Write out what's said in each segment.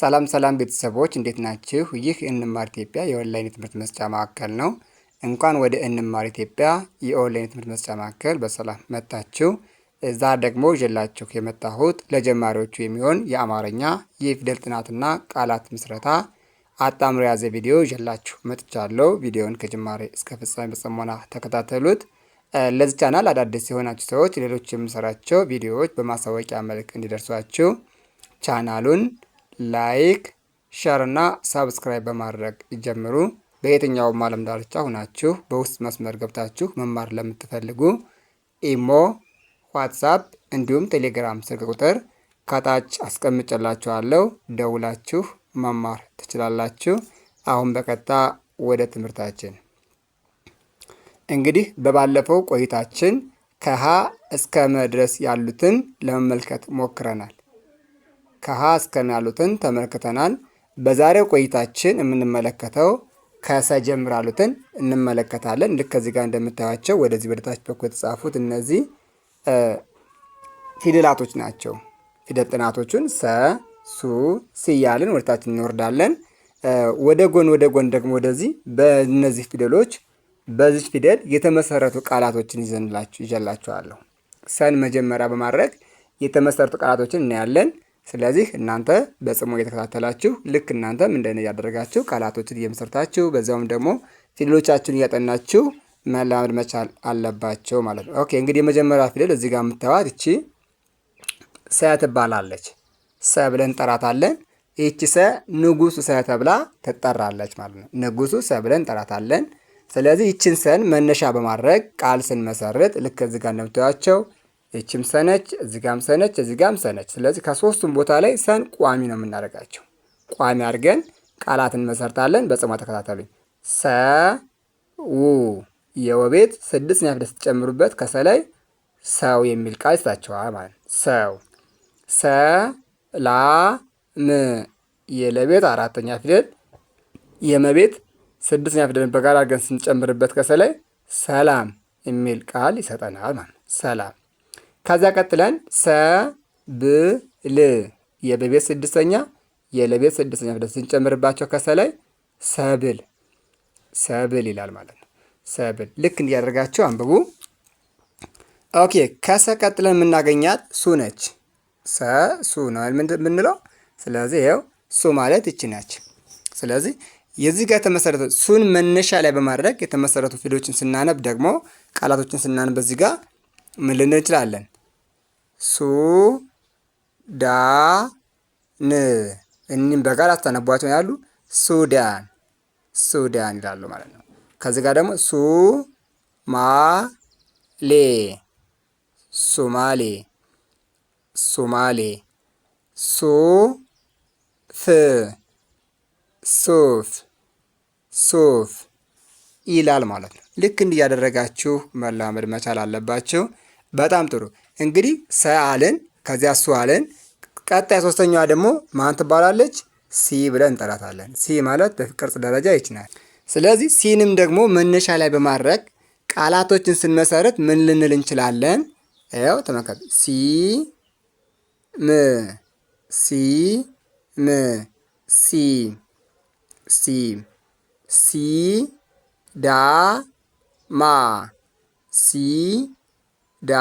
ሰላም ሰላም ቤተሰቦች እንዴት ናችሁ? ይህ እንማር ኢትዮጵያ የኦንላይን ትምህርት መስጫ ማዕከል ነው። እንኳን ወደ እንማር ኢትዮጵያ የኦንላይን ትምህርት መስጫ ማዕከል በሰላም መጣችሁ። እዛ ደግሞ ይዤላችሁ የመጣሁት ለጀማሪዎቹ የሚሆን የአማርኛ የፊደል ጥናትና ቃላት ምስረታ አጣምሮ የያዘ ቪዲዮ ይዤላችሁ መጥቻለሁ። ቪዲዮውን ከጅማሬ እስከ ፍጻሜ በጽሞና ተከታተሉት። ለዚህ ቻናል አዳዲስ የሆናችሁ ሰዎች ሌሎች የምሰራቸው ቪዲዮዎች በማሳወቂያ መልክ እንዲደርሷችሁ ቻናሉን ላይክ፣ ሸር እና ሳብስክራይብ በማድረግ ይጀምሩ። በየትኛውም ዓለም ዳርቻ ሁናችሁ በውስጥ መስመር ገብታችሁ መማር ለምትፈልጉ ኢሞ፣ ዋትሳፕ እንዲሁም ቴሌግራም ስልክ ቁጥር ከታች አስቀምጬላችኋለሁ። ደውላችሁ መማር ትችላላችሁ። አሁን በቀጥታ ወደ ትምህርታችን እንግዲህ በባለፈው ቆይታችን ከሀ እስከ መድረስ ያሉትን ለመመልከት ሞክረናል። ከሀ እስከን ያሉትን ተመልክተናል። በዛሬው ቆይታችን የምንመለከተው ከሰ ጀምር ያሉትን እንመለከታለን። ልክ ከዚህ ጋር እንደምታዩቸው ወደዚህ በደታች በኩል የተጻፉት እነዚህ ፊደላቶች ናቸው። ፊደል ጥናቶቹን ሰ፣ ሱ፣ ሲያልን ወደታች እንወርዳለን። ወደ ጎን ወደ ጎን ደግሞ ወደዚህ በእነዚህ ፊደሎች በዚች ፊደል የተመሰረቱ ቃላቶችን ይዘንላችሁ ይዤላችኋለሁ። ሰን መጀመሪያ በማድረግ የተመሰረቱ ቃላቶችን እናያለን። ስለዚህ እናንተ በጽሞ እየተከታተላችሁ ልክ እናንተም እንደነ እያደረጋችሁ ቃላቶችን እየመሰርታችሁ በዚያውም ደግሞ ፊደሎቻችሁን እያጠናችሁ መላመድ መቻል አለባቸው ማለት ነው። ኦኬ እንግዲህ የመጀመሪያ ፊደል እዚህ ጋር የምታዩት እቺ ሰ ትባላለች። ሰ ብለን እንጠራታለን። ይቺ ሰ ንጉሱ ሰ ተብላ ትጠራለች ማለት ነው። ንጉሱ ሰ ብለን እንጠራታለን። ስለዚህ ይችን ሰን መነሻ በማድረግ ቃል ስንመሰርት ልክ እዚህ ጋር እንደምታዩቸው ይችም ሰነች፣ እዚጋም ሰነች፣ እዚጋም ሰነች። ስለዚህ ከሶስቱም ቦታ ላይ ሰን ቋሚ ነው የምናደርጋቸው። ቋሚ አድርገን ቃላትን መሰርታለን። በጽሟ ተከታተሉኝ። ሰ ው የወቤት ስድስት ፊደል ስትጨምሩበት ከሰላይ ሰው የሚል ቃል ይስታችኋል ማለት ሰው ሰ ላ ም የለቤት አራተኛ ፊደል የመቤት ስድስተኛ ፊደልን በጋራ አድርገን ስንጨምርበት ከሰላይ ሰላም የሚል ቃል ይሰጠናል ማለት ሰላም ከዛ ቀጥለን ሰ ል የበቤት ስድስተኛ የለቤት ስድስተኛ ፊደል ስንጨምርባቸው ከሰ ላይ ሰብል ሰብል ይላል ማለት ነው። ሰብል ልክ እንዲያደርጋቸው አንብቡ። ኦኬ ከሰ ቀጥለን የምናገኛት ሱ ነች። ሰ ሱ ነው የምንለው። ስለዚህ ይኸው ሱ ማለት ይቺ ነች ስለዚህ የዚህ ጋር የተመሰረተ ሱን መነሻ ላይ በማድረግ የተመሰረቱ ፊደሎችን ስናነብ ደግሞ ቃላቶችን ስናነብ በዚህ ጋር ምን ልንል እንችላለን? ሱዳን እኒም በጋር አስተነቧቸው ያሉ ሱዳን ሱዳን ይላሉ ማለት ነው። ከዚህ ጋር ደግሞ ሱ ሱማሌ ሱማሌ ሱማሌ ፍ ሱፍ ሱፍ ይላል ማለት ነው። ልክ እንዲህ ያደረጋችሁ መላመድ መቻል አለባችሁ። በጣም ጥሩ እንግዲህ ሰ አለን፣ ከዚያ ሱ አለን። ቀጣይ ሶስተኛዋ ደግሞ ማን ትባላለች? ሲ ብለን እንጠራታለን። ሲ ማለት በቅርጽ ደረጃ ይችናል። ስለዚህ ሲንም ደግሞ መነሻ ላይ በማድረግ ቃላቶችን ስንመሰርት ምን ልንል እንችላለን? ው ተመልከቱ። ሲ ም ሲ ም ሲ ሲ ሲ ዳ ማ ሲ ዳ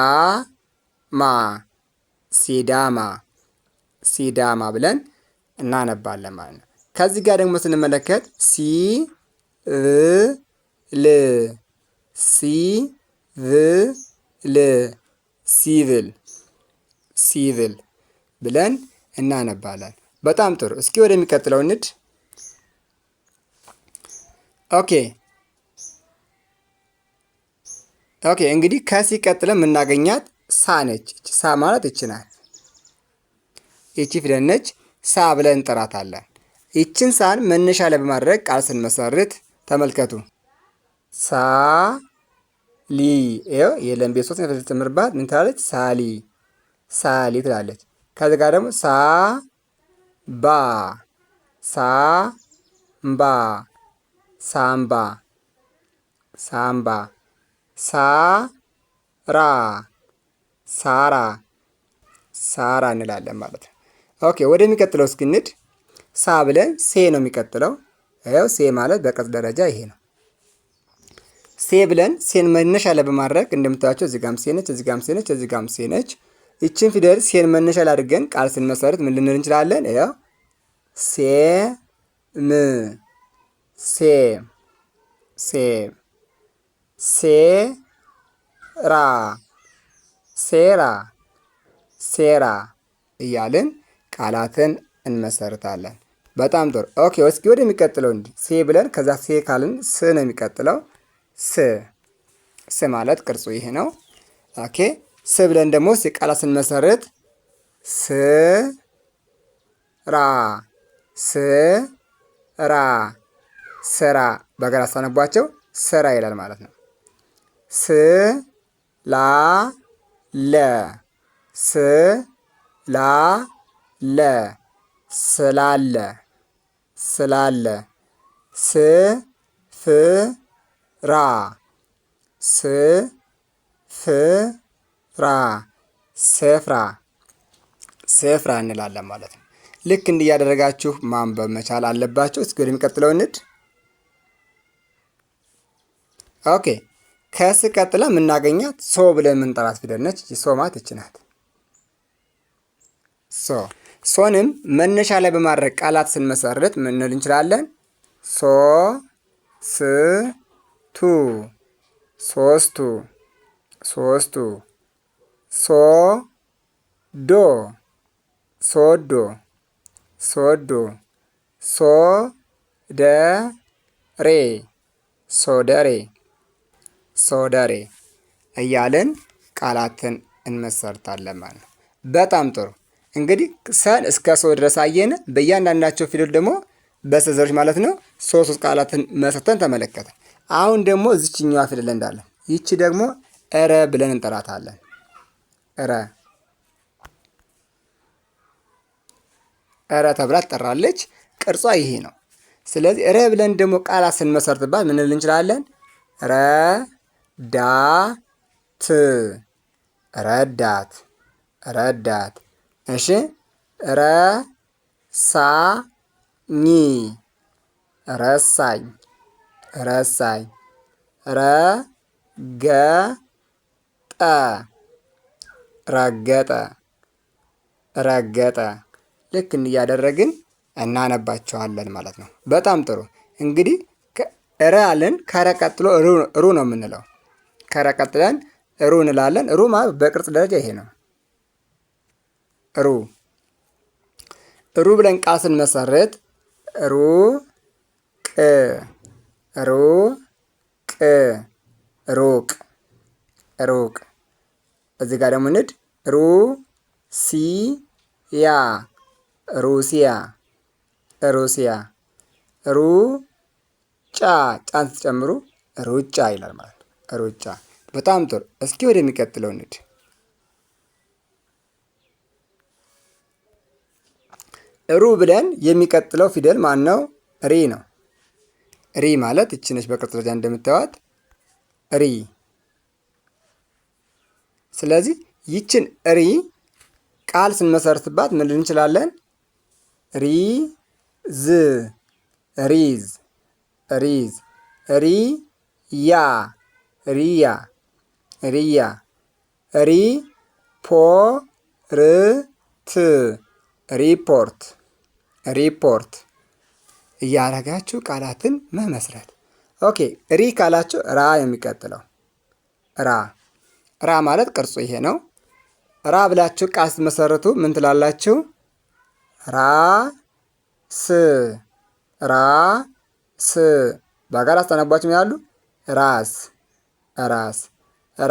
ማ ሲዳማ ሲዳማ ብለን እናነባለን ማለት ነው። ከዚህ ጋር ደግሞ ስንመለከት ሲ ል ሲ ል ሲቪል ሲቪል ብለን እናነባለን። በጣም ጥሩ። እስኪ ወደሚቀጥለው ንድ ኦኬ ኦኬ። እንግዲህ ከሲ ቀጥለን የምናገኛት ሳ ነች። ሳ ማለት ይቺ ናት። እቺ ፊደል ነች። ሳ ብለን እንጠራታለን። ይችን ሳን መነሻ ላይ በማድረግ ቃል ስንመሰርት ተመልከቱ። ሳ ሊ የለም ቤት ሶስት ነፈስ ትምርባት ምን ትላለች? ሳሊ ሳሊ ትላለች። ከዚ ጋር ደግሞ ሳ ባ ሳ ምባ ሳምባ ሳምባ ሳ ራ ሳራ ሳራ እንላለን ማለት ነው። ኦኬ ወደ የሚቀጥለው እስክንድ ሳ ብለን ሴ ነው የሚቀጥለው። ያው ሴ ማለት በቅጽ ደረጃ ይሄ ነው። ሴ ብለን ሴን መነሻ ላይ በማድረግ እንደምታያቸው እዚጋም ጋም ሴ ነች፣ እዚጋም ሴ ነች፣ ሴ ነች። ይችን ፊደል ሴን መነሻ ላይ አድርገን ቃል ስንመሰርት ምን ልንል እንችላለን? ያው ሴ ም ሴ ሴ ራ ሴራ ሴራ እያልን ቃላትን እንመሰርታለን። በጣም ጥሩ። ኦኬ እስኪ ወደሚቀጥለው እንዲ ሴ ብለን ከዛ ሴ ካልን ስ ነው የሚቀጥለው። ስ ስ ማለት ቅርጹ ይሄ ነው። ኦኬ ስ ብለን ደግሞ ሴ ቃላት ስንመሰርት ስ ራ ስ ራ ስራ በጋራ ሳነቧቸው ስራ ይላል ማለት ነው። ስ ላ ለ ስ ላ ለ ስላለ ስላለ ስ ፍ ራ ስ ፍ ራ ስፍራ ስፍራ እንላለን ማለት ነው። ልክ እንዲያደረጋችሁ እያደረጋችሁ ማንበብ መቻል አለባችሁ። እስኪ ወደሚቀጥለው እንድ ኦኬ ከስ ቀጥላ የምናገኛት ሶ ብለን የምንጠራት ፊደል ነች። ሶ ማለት ይች ናት። ሶ ሶንም መነሻ ላይ በማድረግ ቃላት ስንመሰርት ምንል እንችላለን? ሶ ስ ቱ ሶስቱ ሶስቱ ሶ ዶ ሶዶ ሶዶ ሶ ደ ሬ ሶደሬ ሶደሬ እያልን ቃላትን እንመሰርታለን ማለት ነው። በጣም ጥሩ እንግዲህ ሰን እስከ ሶ ድረስ አየን። በእያንዳንዳቸው ፊደል ደግሞ በስተዘሮች ማለት ነው ሶስት ሶስት ቃላትን መሰርተን ተመለከተን። አሁን ደግሞ እዚችኛዋ ፊደል እንዳለ ይቺ ደግሞ እረ ብለን እንጠራታለን። እረ እረ ተብላ ትጠራለች። ቅርጿ ይሄ ነው። ስለዚህ እረ ብለን ደግሞ ቃላት ስንመሰርትባት ምንል እንችላለን ረ ዳት ረዳት ረዳት እሺ ረሳኝ ረሳኝ ረሳኝ ረገጠ ረገጠ ረገጠ ልክ እያደረግን እናነባቸዋለን ማለት ነው። በጣም ጥሩ እንግዲህ ረ አለን ከረ ቀጥሎ ሩ ነው የምንለው ከረቀጥለን ሩ እንላለን። ሩ ማለት በቅርጽ ደረጃ ይሄ ነው። ሩ ሩ ብለን ቃ ስንመሰርት ሩ ቅ ሩ ቅ ሩቅ ሩቅ። እዚህ ጋር ደግሞ ንድ ሩ ሲ ያ ሩሲያ ሩሲያ ሩ ጫ ጫን ስትጨምሩ ሩጫ ይላል ማለት ነው። ሩጫ። በጣም ጥሩ። እስኪ ወደ የሚቀጥለው ንድ ሩ ብለን የሚቀጥለው ፊደል ማን ነው? ሪ ነው። ሪ ማለት እቺ ነች፣ በቅርጽ ደረጃ እንደምታዩት ሪ። ስለዚህ ይችን ሪ ቃል ስንመሰርትባት ምን እንችላለን? ሪዝ፣ ሪዝ፣ ሪዝ፣ ሪያ ሪያ ሪያ ሪ ፖ ር ት ሪፖርት ሪፖርት እያረጋችሁ ቃላትን መመስረት። ኦኬ ሪ ካላችሁ ራ የሚቀጥለው ራ ራ ማለት ቅርጹ ይሄ ነው። ራ ብላችሁ ቃል ስትመሰርቱ ምን ትላላችሁ? ራ ስ ራ ስ በጋራ አስተናግቧችሁ ያሉ ራስ ራስ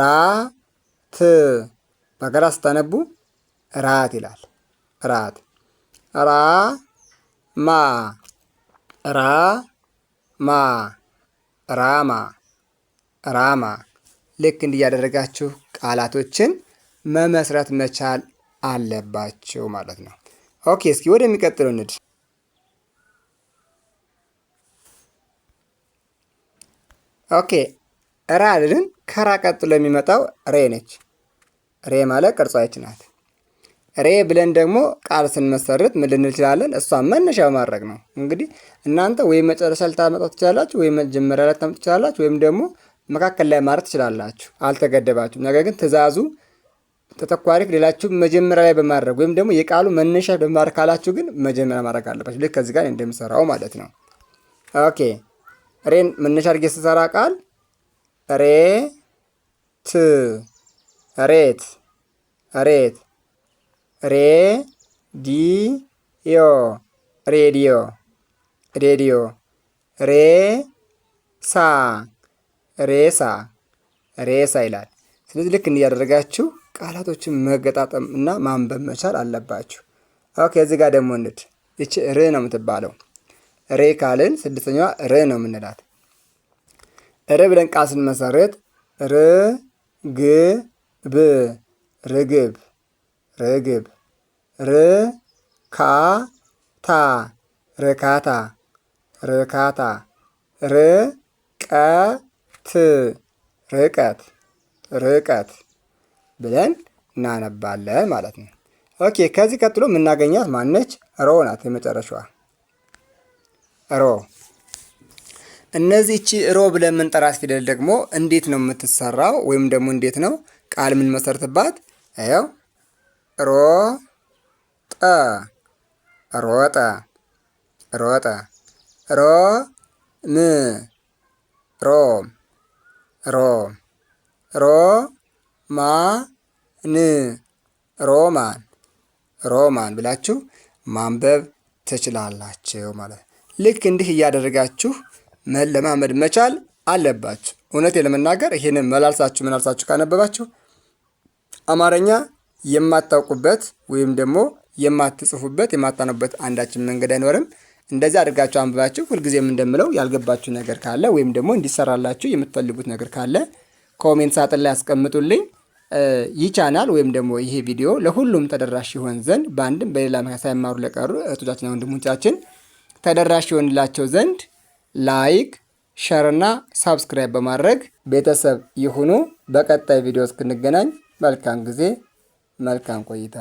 ራት በጋራ ስታነቡ ራት ይላል። ራት ራ ማ ራ ማ ራማ ራማ ልክ እንዲያደረጋችሁ ቃላቶችን መመስረት መቻል አለባችሁ ማለት ነው። ኦኬ እስኪ የሚቀጥለው ንድ ኦኬ ራ አልን ከራ ቀጥሎ የሚመጣው ሬ ነች። ሬ ማለት ቅርጿች ናት። ሬ ብለን ደግሞ ቃል ስንመሰርት ምን ልንል እንችላለን? እሷ መነሻ በማድረግ ነው። እንግዲህ እናንተ ወይም መጨረሻ ልታመጣው ትችላላችሁ፣ ወይም መጀመሪያ ላይ ታመጡ ትችላላችሁ፣ ወይም ደግሞ መካከል ላይ ማለት ትችላላችሁ። አልተገደባችሁም። ነገር ግን ትእዛዙ ተተኳሪ ፊደላችሁ መጀመሪያ ላይ በማድረግ ወይም ደግሞ የቃሉ መነሻ በማድረግ ካላችሁ ግን መጀመሪያ ማድረግ አለባችሁ። ልክ ከዚህ ጋር እንደምሰራው ማለት ነው። ኦኬ ሬን መነሻ አድርጌ ስሰራ ቃል ሬ ት ሬት ሬት ሬ ዲ ዮ ሬዲዮ ሬዲዮ ሬ ሳ ሬሳ ሬሳ ይላል። ስለዚህ ልክ እንዲያደረጋችሁ ቃላቶችን መገጣጠም እና ማንበብ መቻል አለባችሁ። ኦኬ እዚህ ጋር ደግሞ እንድ ይቺ ር ነው የምትባለው። ሬ ካልን ስድስተኛዋ ር ነው የምንላት ር ብለን ቃል ስንመሰርት ርግብ ርግብ ርግብ ርካታ ርካታ ርካታ ርቀት ርቀት ርቀት ብለን እናነባለን ማለት ነው። ኦኬ ከዚህ ቀጥሎ የምናገኛት ማነች? ሮ ናት። የመጨረሻዋ ሮ እነዚህች ሮ ብለን ምንጠራት ፊደል ደግሞ እንዴት ነው የምትሰራው? ወይም ደግሞ እንዴት ነው ቃል የምንመሰርትባት? ው ሮ ጠ ሮጠ ሮጠ ሮ ም ሮ ሮ ሮ ማ ን ሮማን ሮማን ብላችሁ ማንበብ ትችላላችሁ ማለት ነው። ልክ እንዲህ እያደረጋችሁ መለማመድ መቻል አለባችሁ። እውነቴ ለመናገር ይህንን መላልሳችሁ መላልሳችሁ ካነበባችሁ አማርኛ የማታውቁበት ወይም ደግሞ የማትጽፉበት የማታነቡበት አንዳችን መንገድ አይኖርም። እንደዚህ አድርጋችሁ አንብባችሁ ሁልጊዜም እንደምለው ያልገባችሁ ነገር ካለ ወይም ደግሞ እንዲሰራላችሁ የምትፈልጉት ነገር ካለ ኮሜንት ሳጥን ላይ ያስቀምጡልኝ። ይህ ቻናል ወይም ደግሞ ይሄ ቪዲዮ ለሁሉም ተደራሽ ይሆን ዘንድ በአንድም በሌላ ሳይማሩ ለቀሩ እህቶቻችንና ወንድሞቻችን ተደራሽ ይሆንላቸው ዘንድ ላይክ፣ ሸር እና ሳብስክራይብ በማድረግ ቤተሰብ ይሁኑ። በቀጣይ ቪዲዮ እስክንገናኝ መልካም ጊዜ፣ መልካም ቆይታ